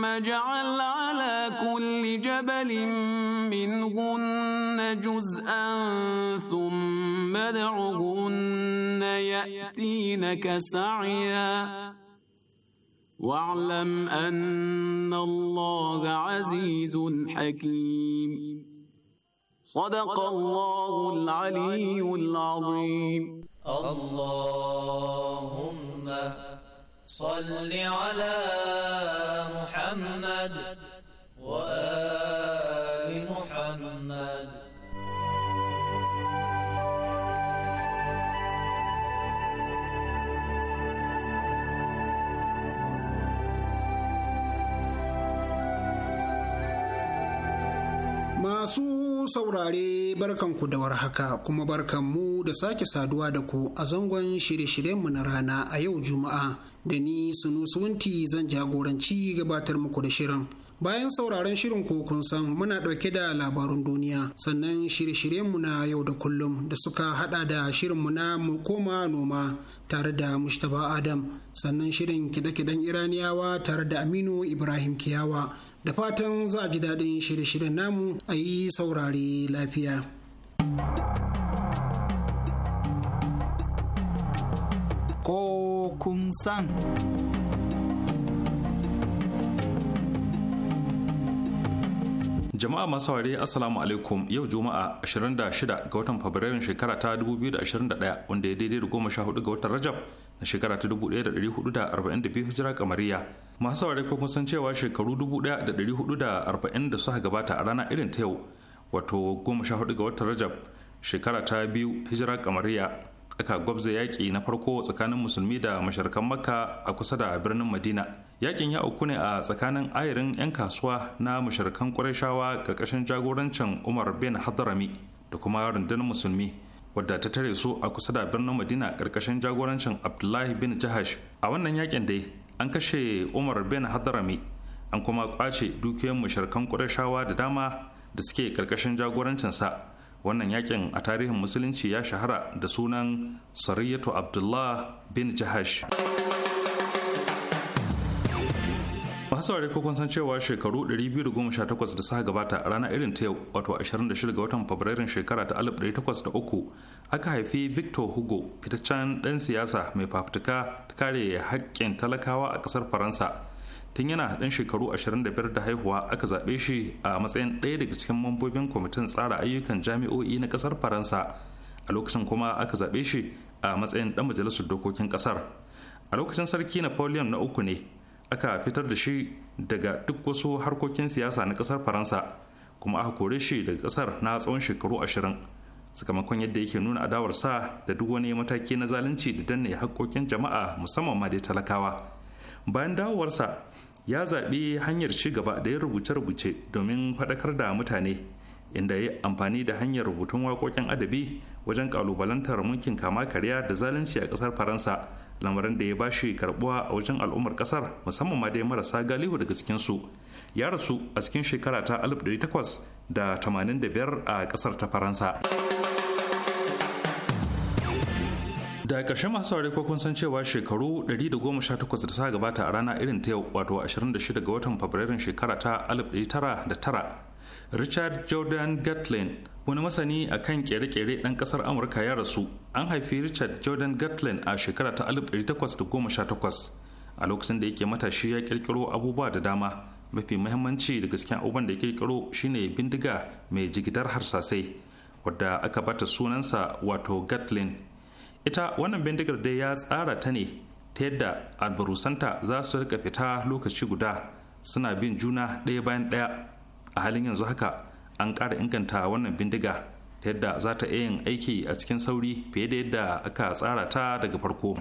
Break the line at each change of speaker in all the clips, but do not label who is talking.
ثم اجعل على كل جبل منهن جزءا ثم ادعهن يأتينك سعيا واعلم أن الله
عزيز حكيم صدق الله
العلي العظيم اللهم صل على محمد
saurare saurare ku da warhaka kuma barkan mu da sake saduwa da ku a zangon shirye-shiryenmu na rana a yau Juma'a da ni sunusunti zan jagoranci gabatar muku da shirin. Bayan sauraron shirin ko kun san muna ɗauke da labarun duniya sannan shirye-shiryenmu na yau da kullum da suka hada da shirinmu na mu koma noma tare da Mustapha Adam sannan shirin kide-kiden Iraniyawa tare da Aminu Ibrahim Kiyawa. da fatan za a ji daɗin shirye-shiryen namu a yi saurare lafiya.
Ko kun san.
Jama'a masu saurare Assalamu alaikum yau Juma'a 26 ga watan Fabrairun shekara ta 2021 wanda ya daidai da 14 ga watan Rajab na shekara ta 1442 hijira kamariya masu saurari kuma san cewa shekaru 1440 da suka gabata a rana irin ta yau wato 14 ga watan rajab shekara ta biyu hijira kamariya aka gwabza yaƙi na farko tsakanin musulmi da masharkan makka a kusa da birnin madina Yaƙin ya uku ne a tsakanin ayirin 'yan kasuwa na masharkan ƙurashawa ƙarƙashin jagorancin umar bin hadarami da kuma rundunar musulmi wadda ta tare su a kusa da birnin madina karkashin jagorancin abdullahi bin jahash a wannan yakin dai an kashe umar bin hadarami an kuma kwace dukiyoyin musharkan kudashawa da dama da suke karkashin jagorancinsa wannan yakin a tarihin musulunci ya shahara da sunan sariyatu abdullah bin jahash masu saurari ko kun san cewa shekaru 218 da suka gabata a ranar irin ta yau wato 26 ga watan fabrairun shekara ta 1803 aka haifi victor hugo fitaccen ɗan siyasa mai fafutuka ta kare haƙƙin talakawa a ƙasar faransa tun yana ɗan shekaru 25 da haihuwa aka zaɓe shi a matsayin ɗaya daga cikin mambobin kwamitin tsara ayyukan jami'o'i na ƙasar faransa a lokacin kuma aka zaɓe shi a matsayin ɗan majalisar dokokin ƙasar a lokacin sarki napoleon na uku ne aka fitar da shi daga duk wasu harkokin siyasa na kasar faransa kuma aka kore shi daga kasar na tsawon shekaru ashirin sakamakon yadda yake nuna adawarsa da duk wani mataki na zalunci da danne haƙƙoƙin jama'a musamman ma dai talakawa bayan dawowarsa ya zaɓi hanyar ci gaba da ya rubuce-rubuce domin faɗakar da mutane inda ya amfani da hanyar rubutun waƙoƙin adabi wajen ƙalubalantar mulkin kama karya da zalunci a ƙasar faransa lamarin da ya ba shi karbuwa a wajen al'ummar kasar musamman ma dai marasa galihu daga cikin su ya rasu a cikin shekara ta 1885 a kasar ta faransa da ƙarshe masu saurari ko kun san cewa shekaru 118 da ta gabata a rana irin ta yau wato 26 ga watan fabrairun shekara ta 1909 richard jordan gatlin wani masani a kan kere-kere ɗan ƙasar amurka ya rasu an haifi richard jordan gatlin a shekara ta 1818 a lokacin da yake matashi ya kirkiro abubuwa da dama mafi muhimmanci da gaske abubuwan da ya kirkiro shine bindiga mai jigidar harsasai wadda aka bata sunansa wato gatlin ita wannan bindigar dai ya tsara ta ne ta yadda albarusanta za su rika fita lokaci guda suna bin juna ɗaya bayan ɗaya a halin yanzu haka an ƙara inganta wannan bindiga ta yadda za ta iya yin aiki a cikin sauri fiye da yadda aka tsara ta daga farko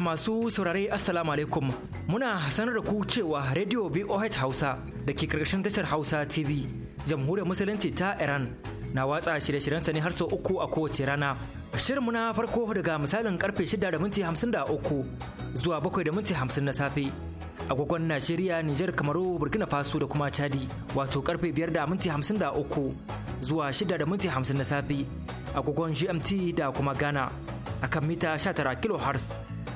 masu saurare assalamu alaikum muna sanar da ku cewa radio voh hausa da ke karkashin tashar hausa tv jamhuriyar musulunci ta iran na watsa shirye-shiryensa ne har sau uku a kowace rana shirinmu na farko daga misalin karfe shida da minti hamsin da uku zuwa bakwai da minti hamsin na safe agogon Najeriya, niger Kamaru, Burkina Faso da kuma Chadi, wato karfe 5:53 da minti zuwa 6:50 da minti na safe, agogon GMT da kuma Ghana, akan mita 19 kHz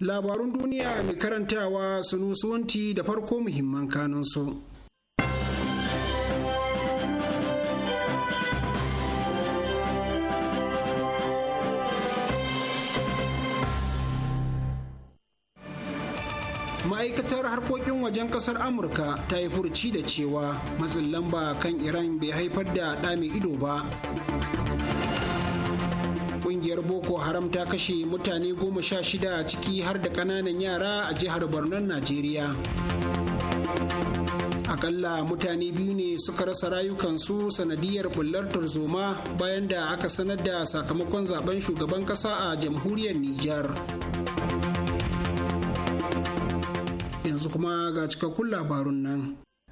labarun duniya mai karantawa wanti da farko muhimman kanunsu. ma'aikatar harkokin wajen kasar amurka ta yi furci da cewa matsin lamba kan iran bai haifar da ɗa mai ido ba kungiyar boko haram ta kashe mutane goma sha shida ciki har da kananan yara a jihar borno najeriya akalla mutane biyu ne suka rasa rayukansu sanadiyar bullar tarzoma bayan da aka sanar da sakamakon zaben shugaban kasa a jamhuriyar Nijar. yanzu kuma ga cikakkun labarun nan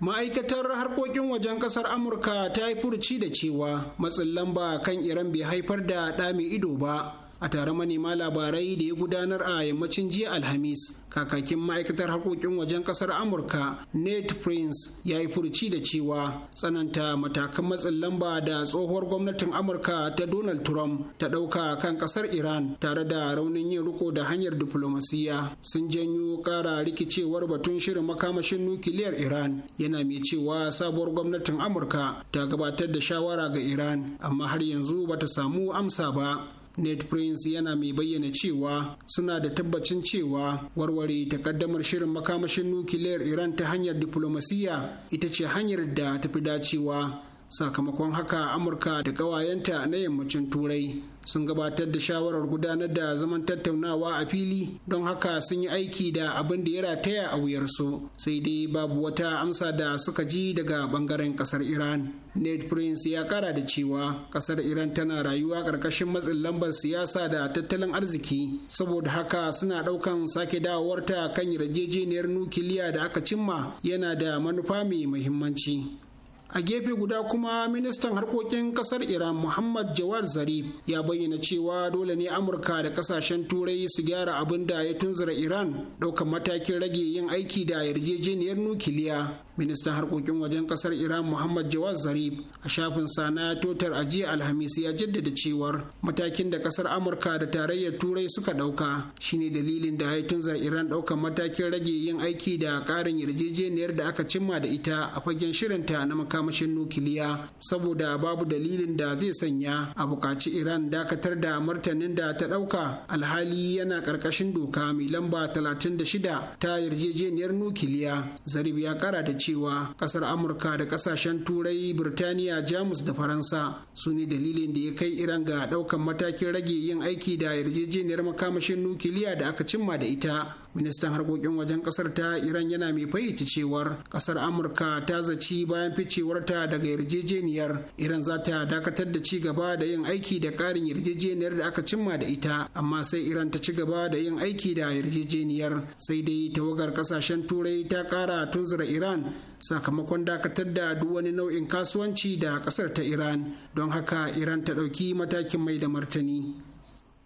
Ma'aikatar harkokin wajen kasar Amurka ta yi furuci da cewa matsin lamba kan Iran bai haifar da ɗa mai ido ba. a taron manema labarai da ya gudanar a yammacin jiya alhamis kakakin ma'aikatar haƙoƙin wajen ƙasar amurka nate prince ya yi furci da cewa tsananta matakan matsin lamba da tsohuwar gwamnatin amurka ta donald trump ta ɗauka kan ƙasar iran tare da raunin yin riko da hanyar diflomasiyya sun janyo ƙara rikicewar batun shirin makamashin nukiliyar iran yana mai cewa sabuwar gwamnatin amurka ta gabatar da shawara ga iran amma har yanzu bata samu amsa ba net prince yana mai bayyana cewa suna da tabbacin cewa warware takaddamar shirin makamashin nukiliyar iran ta hanyar diplomasiya ita ce hanyar da ta fi dacewa sakamakon haka amurka da ƙawayenta na yammacin turai sun gabatar da shawarar gudanar da zaman tattaunawa a fili don haka sun yi aiki da abin da ya rataya a wuyarsu sai dai babu wata amsa da suka ji daga bangaren kasar iran ned prince ya kara da cewa kasar iran tana rayuwa karkashin matsin lambar siyasa da tattalin arziki saboda haka suna daukan sake dawowarta kan yarjejeniyar nukiliya da aka cimma yana da manufa mai muhimmanci a gefe guda kuma ministan harkokin kasar iran muhammad jawad zarif ya bayyana cewa dole ne amurka da kasashen turai su gyara abin da ya tunzura iran ɗaukar matakin rage yin aiki da yarjejeniyar nukiliya ministan harkokin wajen kasar iran muhammad jawad zarif a shafin sa na totar ajiya alhamis ya jaddada cewar matakin da kasar amurka da tarayyar turai suka ɗauka shine dalilin da ya tunzura iran ɗaukan matakin rage yin aiki da ƙarin yarjejeniyar da aka cimma da ita a fagen shirinta na makamashin nukiliya saboda babu dalilin da zai sanya a bukaci iran dakatar da martanin da ta dauka alhali yana karkashin doka mai lamba 36 ta yarjejeniyar nukiliya zarif ya kara da cewa kasar amurka da kasashen turai birtaniya jamus da faransa su ne dalilin da ya kai iran ga daukan matakin rage yin aiki da yarjejeniyar makamashin nukiliya da aka cimma da ita ministan harkokin wajen kasar ta iran yana mai fayyace cewar kasar amurka ta zaci bayan ficewarta daga yarjejeniyar iran za ta dakatar da ci gaba da yin aiki da karin yarjejeniyar da aka cimma da ita amma sai iran ta ci gaba da yin aiki da yarjejeniyar sai dai tawagar kasashen turai ta kara tunzura iran sakamakon dakatar da duk wani nau'in kasuwanci da kasar ta iran don haka iran ta ɗauki matakin mai da martani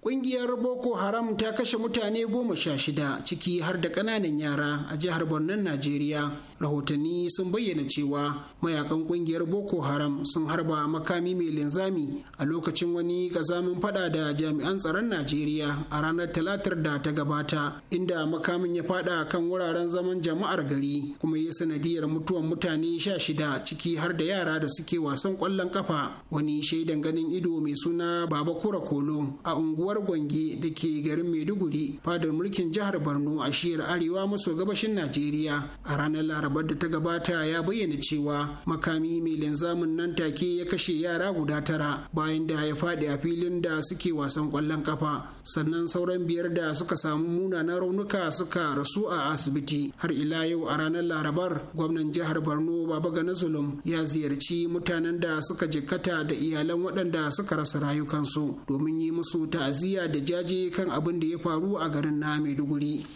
Ƙungiyar Boko Haram ta kashe mutane goma sha shida ciki har da ƙananan yara a jihar Borno, Najeriya. rahotanni sun bayyana cewa mayakan kungiyar boko haram sun harba makami mai linzami a lokacin wani kazamin fada da jami'an tsaron najeriya a ranar talatar da ta gabata inda makamin ya fada kan wuraren zaman jama'ar gari kuma ya sanadiyar mutuwan mutane sha shida ciki har da yara da suke wasan kwallon kafa wani shaidan ganin ido mai suna baba kura kolo a unguwar gwange da ke garin maiduguri fadar mulkin jihar borno a shiyar arewa maso gabashin najeriya a ranar laraba Asabar da ta gabata ya bayyana cewa makami mai linzamin nan take ya kashe yara guda tara bayan da ya faɗi a filin da suke wasan ƙwallon ƙafa, sannan sauran biyar da suka samu munanan raunuka suka rasu a asibiti har ila yau a ranar Larabar gwamnan jihar Borno Baba Gana Zulum ya ziyarci mutanen da suka jikkata da iyalan waɗanda suka rasa rayukansu domin yi musu ta'aziyya da jaje kan abin da ya faru a garin na Maiduguri.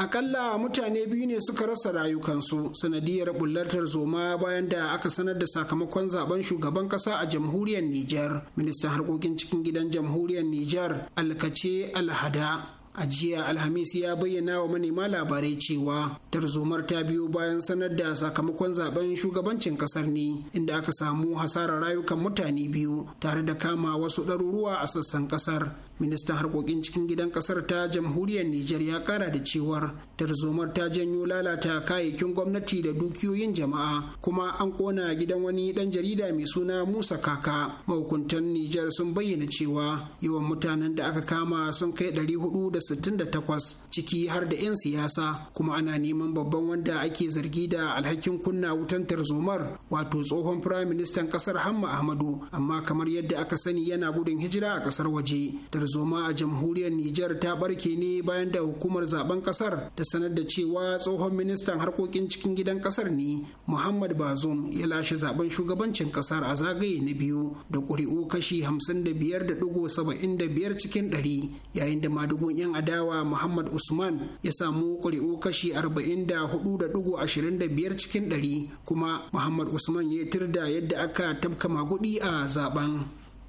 akalla mutane biyu ne suka rasa rayukansu sanadiyar bullatar zoma bayan da aka sanar da sakamakon zaben shugaban kasa a jamhuriyar Nijar. Ministan harkokin cikin gidan jamhuriyar Nijar alkace alhada a jiya alhamis ya bayyana wa manema labarai cewa tarzomar ta biyo bayan sanar da sakamakon zaben shugabancin kasar ne inda aka samu hasarar rayukan mutane biyu tare da kama wasu ɗaruruwa a sassan kasar ministan harkokin cikin gidan kasar ta jamhuriyar nijar ya kara da cewar tarzomar ta janyo lalata kayayyakin gwamnati da dukiyoyin jama'a kuma an kona gidan wani dan jarida mai suna musa kaka mahukuntan nijar sun bayyana cewa yawan mutanen da aka kama sun kai ɗari da da sittin 468 ciki har da 'yan siyasa kuma ana neman babban wanda ake zargi da alhakin kunna wutan tarzomar wato tsohon firaministan kasar hamma ahmadu amma kamar yadda aka sani yana gudun hijira a kasar waje zoma a jamhuriyar Nijar ta barke ne bayan da hukumar zaben kasar ta sanar da cewa tsohon ministan harkokin cikin gidan kasar ne Muhammad Bazoum ya lashe zaben shugabancin kasar a zagaye na biyu da ƙuri'u kashi 55.75 cikin 100 yayin da madugun 'yan adawa Muhammad Usman ya samu ƙuri'u kashi 44.25 cikin 100 kuma Muhammad Usman ya tirda yadda aka tabka magudi a zaben.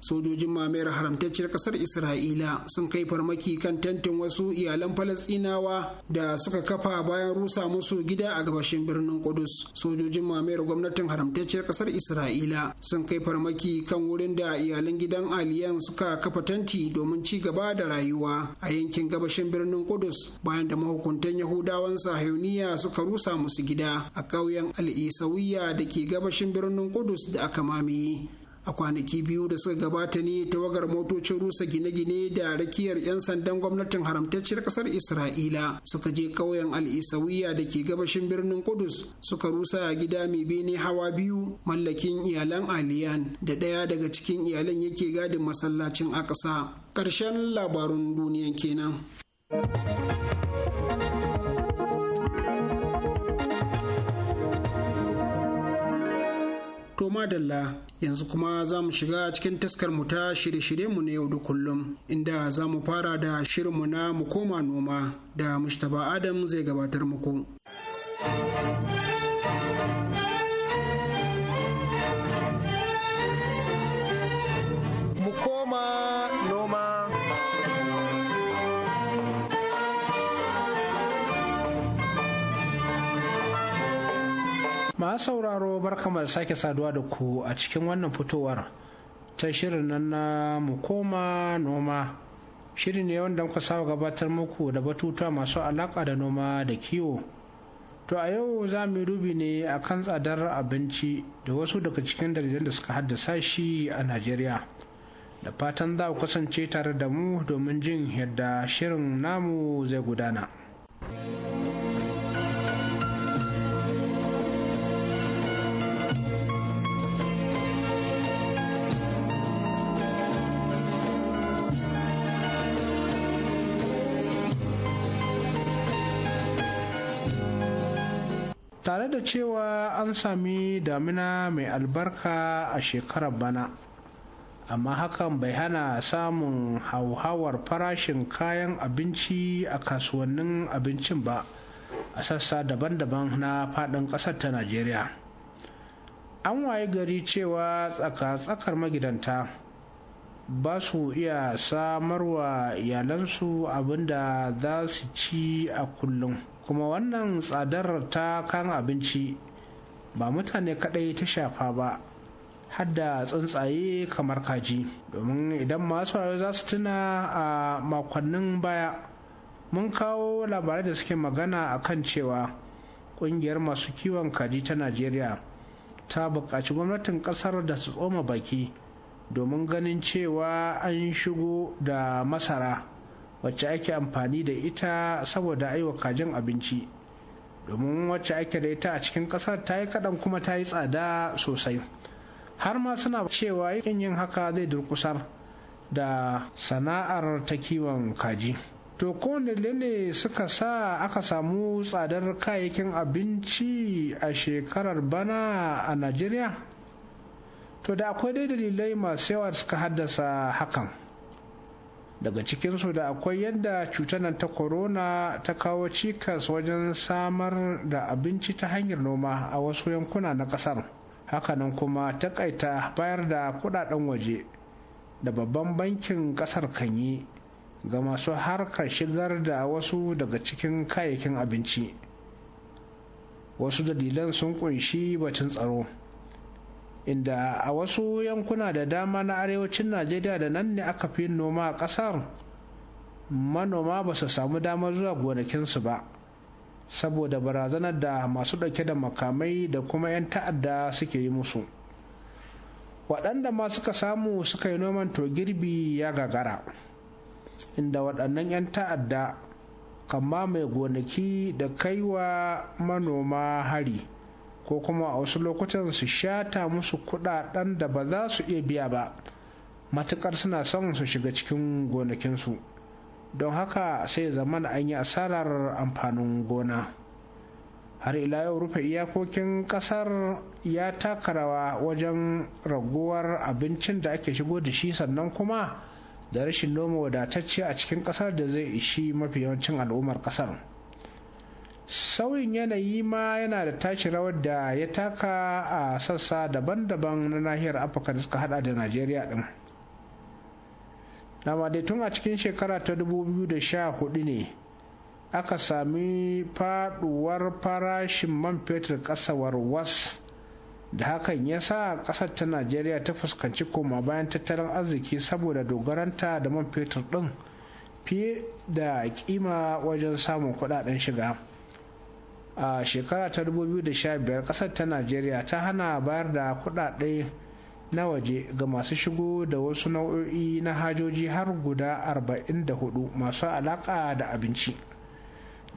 sojojin mamayar haramtacciyar kasar isra'ila sun kai farmaki kan tantin wasu iyalan falasinawa da suka kafa bayan rusa musu gida a gabashin birnin kudus sojojin mamayar gwamnatin haramtacciyar kasar isra'ila sun kai farmaki kan wurin da iyalan gidan aliyan suka kafa tanti domin ci gaba da rayuwa a yankin gabashin birnin kudus bayan da mahukuntan yahudawan sahiyoniya suka rusa musu gida a ƙauyen al'isawiya da ke gabashin birnin kudus da aka mamaye a kwanaki biyu da suka gabata ne tawagar motocin rusa gine-gine da rakiyar 'yan sandan gwamnatin haramtacciyar kasar isra'ila suka je ƙauyen al'isawiya da ke gabashin birnin kudus suka rusa a gida mai bene hawa biyu mallakin iyalan aliyan da ɗaya daga cikin iyalan yake gadin masallacin a ƙasa, ƙarshen labarun duniyan kenan. To madalla yanzu kuma za mu shiga cikin taskar mu ta shirye-shirye mu na yau da kullum inda za mu fara da shirinmu na mu koma noma da Mustapha Adam zai gabatar muku.
sauraro barkama da sake saduwa da ku a cikin wannan fitowar ta shirin nan na mu koma noma shirin ne wanda muka saba gabatar muku da batutuwa masu alaka da noma da kiwo to a yau za mu rubi ne a kan tsadar abinci da wasu daga cikin dalilan da suka haddasa shi a najeriya da fatan za ku kasance tare da mu domin jin yadda shirin namu zai gudana. tare da cewa an sami damina mai albarka a shekarar bana amma hakan bai hana samun hauhawar farashin kayan abinci a kasuwannin abincin ba a sassa daban-daban na faɗin ƙasar ta najeriya an waye gari cewa tsaka-tsakar magidanta ba su iya samarwa iyalansu abinda za su ci a kullum kuma wannan tsadar ta kan abinci ba mutane kadai ta shafa ba hadda tsuntsaye kamar kaji domin idan masu rayuwa za su tuna a makonnin baya mun kawo labarai da suke magana a kan cewa kungiyar masu kiwon kaji ta najeriya ta buƙaci gwamnatin ƙasar da su tsoma baki domin ganin cewa an shigo da masara wacce ake amfani da ita saboda aiwa kajin abinci domin wacce ake da ita a cikin ƙasar ta yi kaɗan kuma ta yi tsada sosai har ma suna cewa yin yin haka zai durkusar da sana'ar ta kiwon kaji to kowane ne suka sa aka samu tsadar kayayyakin abinci a shekarar bana a najeriya to da akwai dai dalilai masu yawa suka haddasa hakan daga cikinsu da akwai yadda cutar nan ta corona ta kawo cikas wajen samar da abinci ta hanyar noma a wasu yankuna na kasar hakanan kuma takaita bayar da kudaden waje da babban bankin kasar kan yi ga masu harkar shigar da wasu daga cikin kayayyakin abinci wasu dalilan sun kunshi batun tsaro inda a wasu yankuna da dama na arewacin najeriya da nan ne aka fi noma a ƙasar manoma ba su samu damar zuwa gonakinsu ba saboda barazanar da masu ɗauke da makamai da kuma 'yan ta'adda suke yi musu waɗanda ma suka samu suka yi noman to girbi ya gagara inda waɗannan 'yan ta'adda kama mai gonaki da kaiwa manoma hari ko kuma a wasu lokutan su shata musu kudaden da ba za su iya biya ba matukar suna son su shiga cikin gonakinsu don haka sai zaman an yi asarar amfanin gona har ila yau rufe iyakokin kasar ya taka rawa wajen raguwar abincin da ake shigo da shi sannan kuma da rashin noma wadatacce a cikin kasar da zai ishi mafi yawancin al'ummar kasar. sauyin yanayi ma yana da tashi rawar da ya taka a sassa daban-daban na nahiyar afirka da suka hada da najeriya din dama dai tun a cikin shekara ta 2014 ne aka sami faduwar farashin man fetur kasawar was da hakan ya sa kasar ta najeriya ta fuskanci koma bayan tattalin arziki saboda dogaranta da man fetur din fiye da kima wajen samun kudaden shiga. a shekara ta 2015 kasar ta najeriya ta hana bayar da kudade na waje ga masu shigo da wasu nau'o'i na hajoji har guda 44 masu alaka da abinci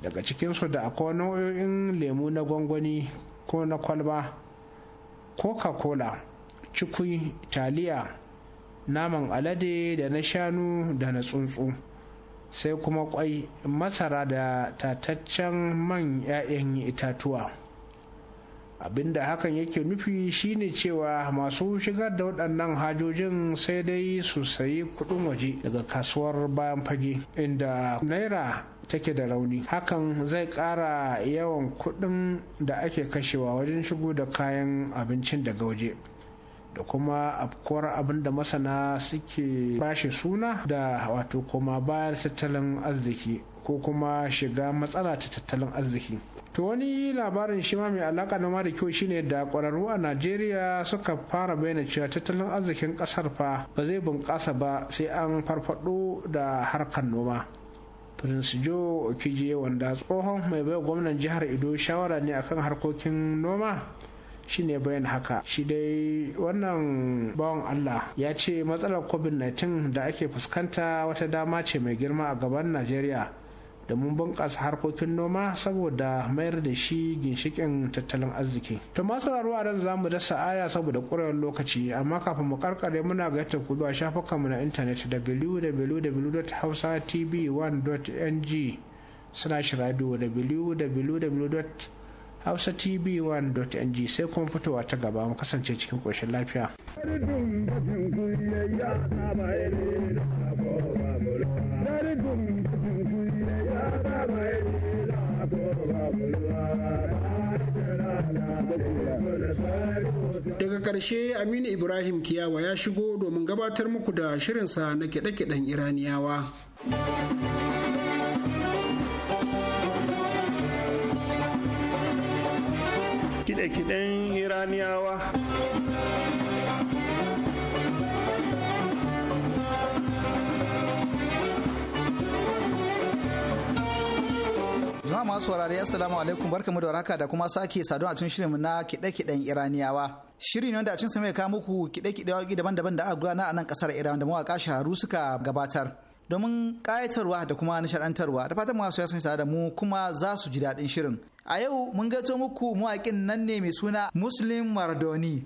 daga cikinsu da akwai nau'o'in lemu na gwangwani ko na kwalba coca-cola cikui taliya naman alade da na shanu da na tsuntsu sai kuma kwai masara da tataccen man 'ya'yan itatuwa abinda hakan yake nufi shine cewa masu shigar da waɗannan hajojin sai dai su sayi kuɗin waje daga kasuwar bayan fage inda naira take da rauni hakan zai ƙara yawan kuɗin da ake kashewa wajen shigo da kayan abincin daga waje da kuma afkuwar abin da masana suke bashi suna da wato kuma bayar tattalin arziki ko kuma shiga matsala ta tattalin arziki to wani labarin shi ma mai alaka na da kyau shine da kwararru a najeriya suka fara bayyana cewa tattalin arzikin kasar fa ba zai bunƙasa ba sai an farfado da harkar noma prince joe okije wanda tsohon mai baiwa gwamnan jihar ido shawara ne akan harkokin noma shi ne bayan haka shi dai wannan bawan allah ya ce matsalar covid-19 da ake fuskanta wata dama ce mai girma a gaban najeriya da mun bunƙasa harkokin noma saboda mayar da shi ginshikin tattalin arziki. To masu a ran za mu dasa aya saboda ƙurar lokaci amma kafin mu karkare muna ga yadda ku zuwa shafukanmu na intanet www.hausatv1.ng radio www hausa hausatv ng sai kuma fitowa ta gaba mu kasance cikin koshin lafiya.
Daga ƙarshe Aminu Ibrahim Kiyawa ya shigo domin gabatar muku da shirinsa na kiɗe-kiɗen Iraniyawa. kide-kiden iraniyawa jama'a masu warare assalamu alaikum barkamu da waraka da kuma sake saduwa a cikin shirin
na kide-kiden iraniyawa shiri ne wanda a cikin sa mai kawo muku kide-kide waƙi daban-daban da aka gudana a nan kasar iran da mawaka shaharu suka gabatar domin kayatarwa da kuma nishadantarwa da fatan masu yasan da mu kuma za su ji daɗin shirin a yau mun gato muku mawaƙin nan
ne mai suna muslim mardoni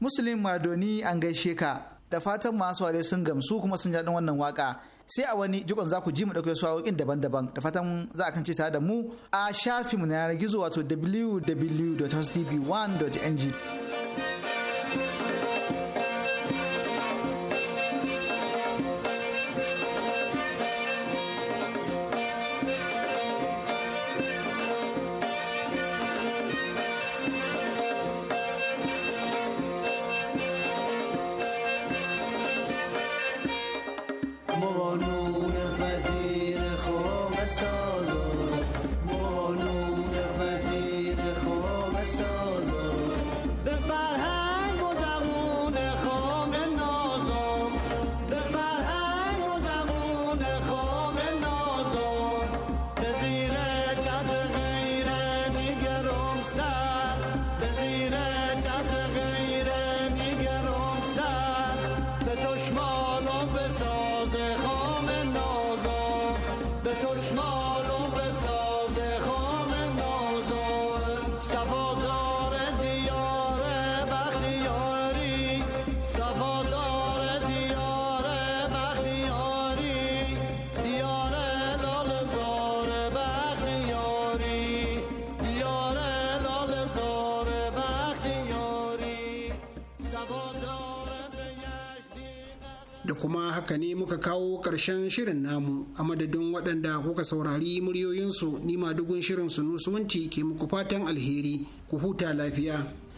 Muslim Madoni an gaishe ka da fatan masu ware sun gamsu kuma sun jaɗin wannan waka. Sai a wani jikon za ku ji mu ɗauke su waƙoƙin daban-daban da fatan za a kance tare da mu a shafinmu na yanar gizo wato wwwtv 1ng
kuma haka ne muka kawo ƙarshen shirin namu a madadin waɗanda kuka saurari muryoyinsu nima dugun shirin sumunti ke muku fatan alheri ku huta lafiya.